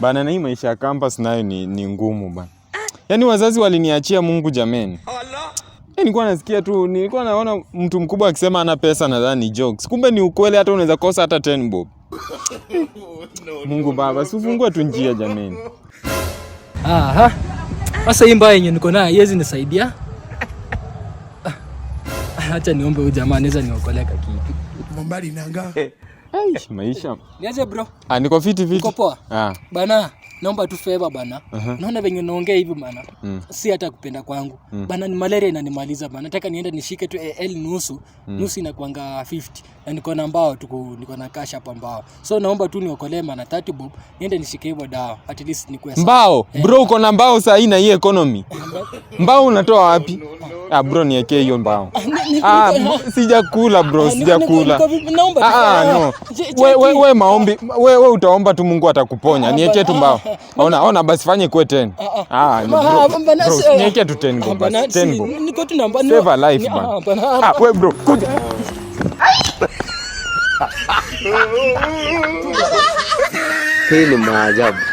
Bana na hii maisha ya campus nayo ni, ni ngumu bana. Ah. Yaani wazazi waliniachia Mungu jameni. Yaani nilikuwa nasikia tu, nilikuwa naona mtu mkubwa akisema ana pesa nadhani jokes. Kumbe ni ukweli hata unaweza kosa hata 10 bob. Mungu baba, si ufungue tu njia jameni. Aha. Sasa hii mbaya yenye niko nayo haiwezi nisaidia. Ah. Ah, acha niombe huyu jamaa anaweza niokoleka kitu. Mbali nanga. Eh. maisha. Niaje bro? Ah, niko fiti fiti. Niko poa. Ah. Bana, naomba tu favor bana. Uh -huh. Naona venye naongea hivi bana. Mm. Si hata kupenda kwangu. Mm. Bana ni malaria inanimaliza bana. Nataka niende nishike tu e, L nusu. Mm. Nusu inakuanga 50. Na niko na mbao tu niko na cash hapa mbao. So naomba tu niokolee bana 30 bob. Niende nishike hiyo dawa. At least nikuwe sawa. Mbao, eh. Bro uko na mbao saa hii na hii economy. mbao unatoa wapi? No, no. Ah, bro niwekee hiyo mbao. Ah, sijakula bro, sijakula. Ah, no. Wewe wewe maombi, wewe ah. we, utaomba tu Mungu atakuponya. Ah, niwekee tu mbao. Ah, ona, ona basi fanye kwe 10. Ah, ni bro. Niwekee tu 10 go basi. 10 go. Niko tu namba. Save a life man. Ah, wewe bro, kuja. Hii ni maajabu.